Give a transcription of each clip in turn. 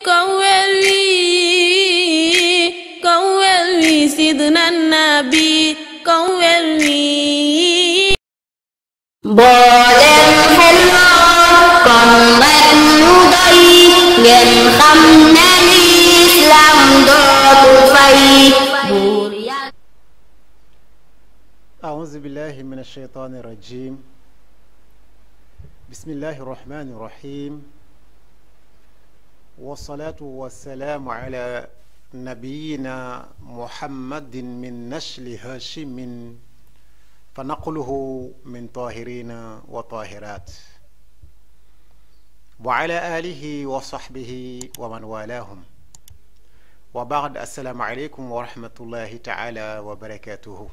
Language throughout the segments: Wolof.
kowel wi kowel wi sidna nabi kowel wi mboolem xel kon rek nu doy ngeen xam ne lislaam dootu fay buur yàlla أعوذ بالله من الشيطان الرجيم بسم الله الرحمن الرحيم wasalaatu wasalaamu ala nabiyina muhammadin min nashli haashimin fa naqluhu min taahirina wa taahiraat wa ala aalihi wa saxbihi wa man waalaahum wa baad assalaamu aleykum wa rahmatullahi taala wa barakaatuhu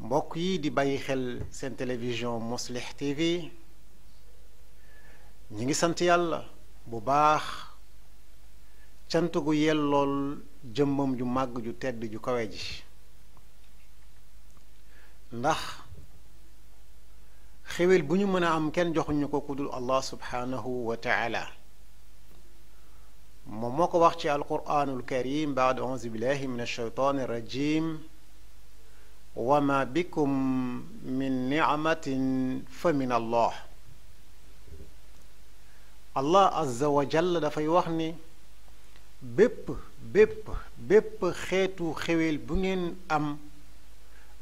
mbokk yi di bàyyi xel seen télévision Mouslih TV ñi ngi sant yàlla bu baax cant gu yellool jëmmam ju màgg ju tedd ju kawe ji ndax xewel bu ñu mën a am kenn joxuñu ko ku dul allah subhaanahu wa taala moom moo ko wax ci alquraanul karim baad auzu billahi min alsheytaani rajim wa ma bikum min nicmatin fa min allah allah azza wa dafay wax ni bépp bépp bépp xeetu xewel bu ngeen am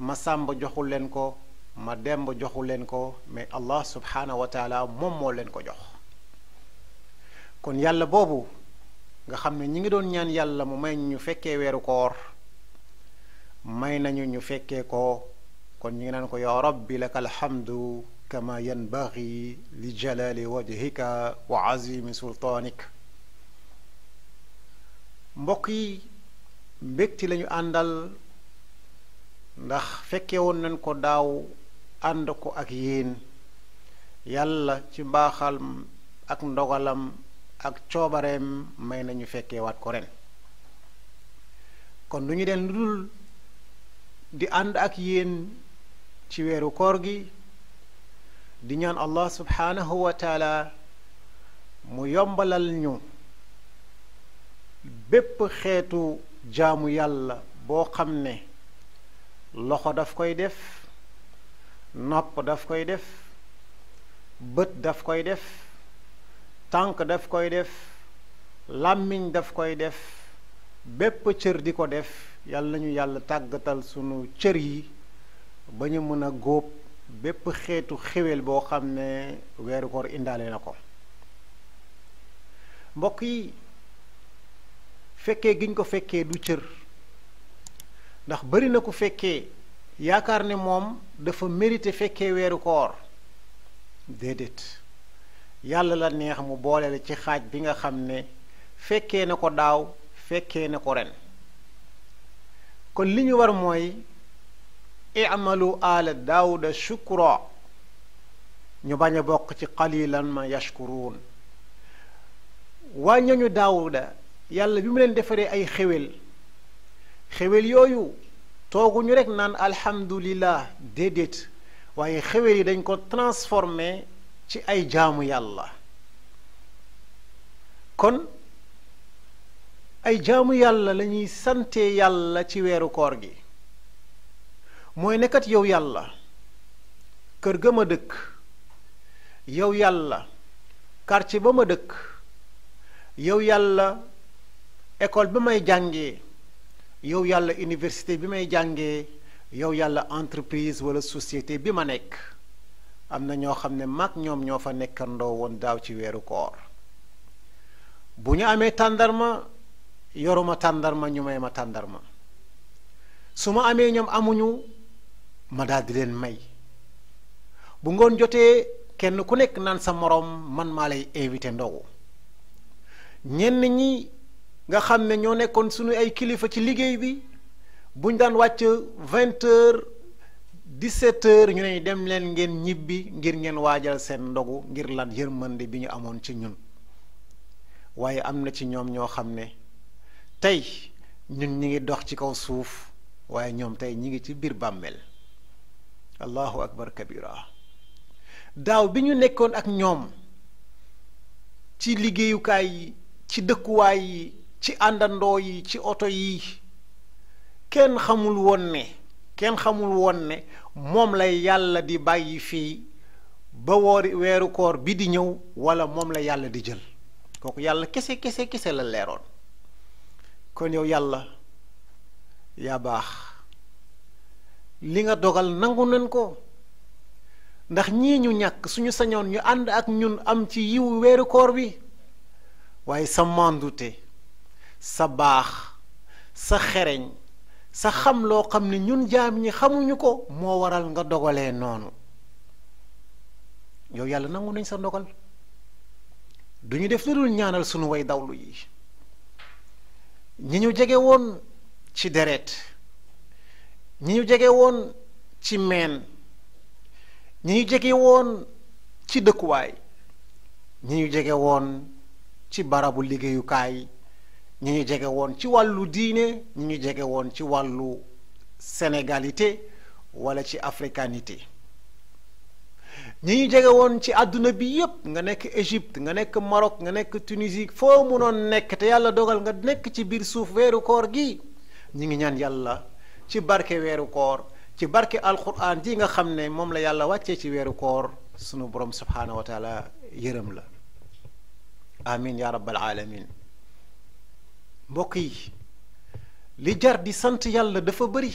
ma sàmb joxu leen ko ma demb joxu leen ko mais allah subhaanahu wa moom moo leen ko jox kon yàlla boobu nga xam ne ñi ngi doon ñaan yàlla mu may ñu fekkee weeru koor may nañu ñu fekkee ko kon ñi ngi naan ko yaa rabbi laka alhamdu kama yanbaghi li jalali wajhika wa azimi sultaanik mbokk yi mbégti lañu àndal ndax fekke woon nañ ko daaw ànd ko ak yéen yàlla ci mbaaxal ak ndogalam ak coobareem may nañu fekkewaat ko ren kon lu ñu den lu dul di ànd ak yéen ci weeru koor gi di ñaan allah subhaanahu mu yombalal ñu bépp xeetu jaamu yàlla boo xam ne loxo daf koy def nopp daf koy def bët daf koy def tànk daf koy def làmmiñ daf koy def bépp cër di ko def yàlla nañu yàlla tàggatal sunu cër yi ba ñu mën a góob bépp xeetu xéwel boo xam ne weeru koor indaale na ko mbokk yi fekkee giñ ko fekkee du cër ndax bari na ko fekkee yaakaar ne moom dafa mérité fekkee weeru koor déedéet yàlla la neex mu boole la ci xaaj bi nga xam ne fekkee na ko daaw fekkee na ko ren kon li ñu war mooy i'malu ala daawuda shukra ñu bañ a bokk ci qalilan ma yashkuruun waa ñooñu yàlla bi mu leen defaree ay xewel xewel yooyu tooguñu rekk naan alhamdulillah déedéet waaye xewel yi dañ ko transformé ci ay jaamu yàlla kon ay jaamu yàlla lañuy sante yàlla ci weeru koor gi mooy nekkat yow yàlla kër ga ma dëkk yow yàlla quartier ba ma dëkk yow yàlla école ba may jàngee yow yàlla université bi may jàngee yow yàlla entreprise wala société bi ma nekk am na ñoo xam ne mag ñoom ñoo fa nekkandoo woon daaw ci weeru koor bu ñu amee tàndarma yoruma tàndarma ñu may ma tàndarma su ma amee ñoom amuñu ma daal leen may bu ngoon jotee kenn ku nekk naan sa moroom man maa lay invité ndogu ñenn ñi nga xam ne ñoo nekkoon suñu ay kilifa ci liggéey bi buñ daan wàcc vingt heures dix-sept heures ñu ne dem leen ngeen ñibbi ngir ngeen waajal seen ndogu ngir lan yërmande bi ñu amoon ci ñun waaye am na ci ñoom ñoo xam ne tey ñun ñi ngi dox ci kaw suuf waaye ñoom tey ñi ngi ci biir bàmmeel allahu akbar kabira daaw bi ñu nekkoon ak ñoom ci liggéeyukaay yi ci dëkkuwaay yi ci àndandoo yi ci oto yi kenn xamul woon ne kenn xamul woon ne moom lay yàlla di bàyyi fii ba woori weeru koor bi di ñëw wala moom la yàlla di jël kooku yàlla kese kese kese la leeroon kon yow yàlla yaa baax li nga dogal nangu nañ ko ndax ñii ñu ñàkk suñu sañoon ñu ànd ak ñun am ci yiwu weeru koor bi waaye sa màndute sa baax sa xereñ sa xam loo xam ne ñun jaam ñi xamuñu ko moo waral nga dogalee noonu yow yàlla nangu nañ sa ndogal duñu def lu dul ñaanal sunu way dawlu yi ñi ñu jege woon ci deret ñi ñu jege woon ci meen ñi ñu jege woon ci dëkkuwaay ñi ñu jege woon ci barabu liggéeyukaay ñi ñu jege woon ci wàllu diine ñi ñu jege woon ci wàllu sénégalité wala ci africanité ñi ñu jege woon ci àdduna bi yépp nga nekk Égypte nga nekk Maroc nga nekk Tunisie foo mënoon nekk te yàlla dogal nga nekk ci biir suuf weeru koor gi ñu ngi ñaan yàlla ci barke weeru koor ci barke alquran ji nga xam ne moom la yàlla wàccee ci weeru koor sunu borom subhaanahu wa yërëm la amin ya rabbal alamin mbokk yi li jar di sant yàlla dafa bari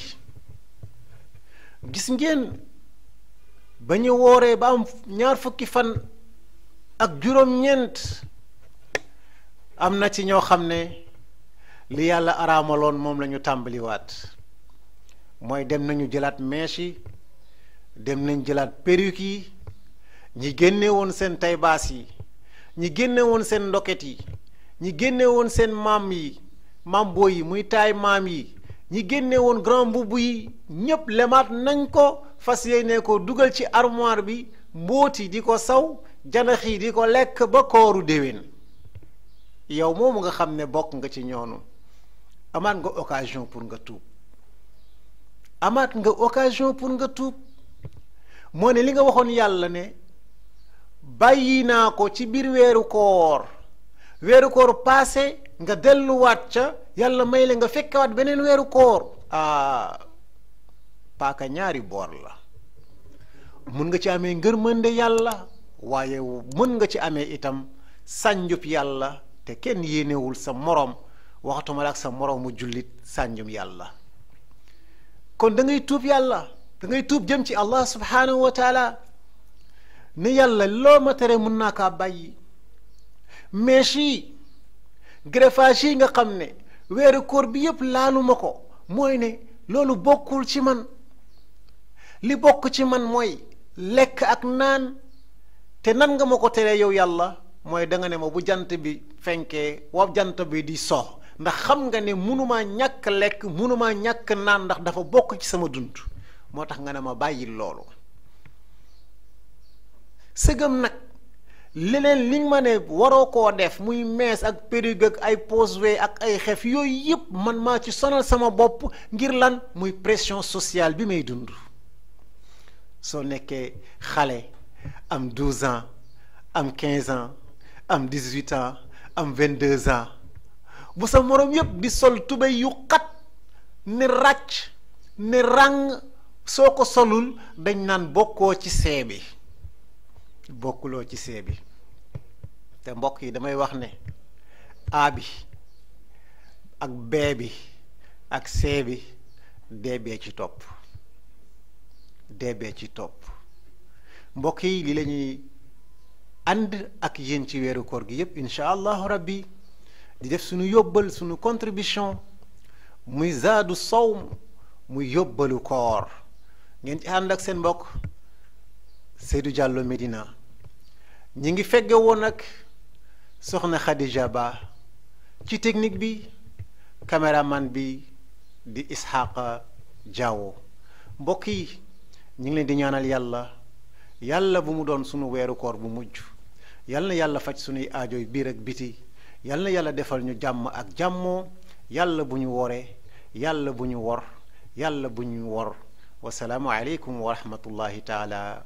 gis ngeen ba ñu wooree ba am ñaar fukki fan ak juróom-ñeent am na ci ñoo xam ne li yàlla araamaloon moom la ñu tàmbaliwaat mooy dem nañu jëlaat mèche yi dem nañ jëlaat perruque yi ñi génnewoon seen taybaas yi ñi génnewoon seen ndoket yi ñi génnewoon seen maam yi maam boo yi muy taay maam yi ñi génnewoon woon grand mbubb yi ñépp lemaat nañ ko fas yéene ko dugal ci armoire bi mbóoti di ko saw janax yi di ko lekk ba kooru déwén yow moomu nga xam ne bokk nga ci ñoonu amaat nga occasion pour nga tuub amaat nga occasion pour nga tuub moo ne li nga waxoon yàlla ne bàyyi naa ko ci biir weeru koor weeru koor passé nga delluwaat ca yàlla may la nga fekkewaat beneen weeru koor ah, paaka ñaari boor la mun nga ci ame amee ngërmande yàlla waaye mën nga ci amee itam sànjub yàlla te kenn yéenewul sa moroom waxatuma la ak sa moroomu jullit sànjum yàlla kon da ngay tuub yàlla da ngay tuub jëm ci allah subhanahu wa taala ne yàlla loo ma tere mun naa kaa bàyyi mèche yi greffage yi nga xam ne weeru koor bi yépp laaluma ko mooy ne loolu bokkul ci man li bokk ci man mooy lekk ak naan te nan nga ma ko tere yow yàlla mooy da nga ne ma bu jant bi fenkee wa jant bi di so ndax xam nga ne mënuma ñàkk lekk munumaa ñàkk naan ndax dafa bokk ci sama dund moo tax nga ne ma bàyyi loolu sëgam nag leneen liñ ma ne waroo koo def muy mees ak perruque ak ay posé ak ay xef yooyu yëpp man maa ci sonal sama bopp ngir lan muy pression sociale bi may dund soo nekkee xale am 12 ans am 15 ans am 18 ans am 22 ans bu sa moroom yépp di sol tubéy yu xat ni ràcc ni ràng soo ko solul dañ naan bokkoo ci see bokkuloo ci see bi te mbokk yi damay wax ne A ak B ak C bi ci topp D ci topp mbokk yi li la ànd ak yéen ci weeru koor gi yépp incha allahu rabbi di def suñu yóbbal suñu contribution muy zaadu sawm muy yóbbalu koor ngeen ci ànd ak seen mbokk Seydou Diallo Medina ñi ngi fegge woon ak soxna Khadija Ba ci technique bi caméraman bi di Ishaqa Diawo mbokk yi ñu ngi leen di ñaanal yàlla yàlla bu mu doon suñu weeru koor bu mujj yàlla na yàlla faj sunuy aajo biir ak biti yal na yàlla defal ñu jàmm ak jàmmoo yàlla bu ñu woree yàlla bu ñu wor yàlla bu ñu wor wasalaamu aleykum wa rahmatullahi taala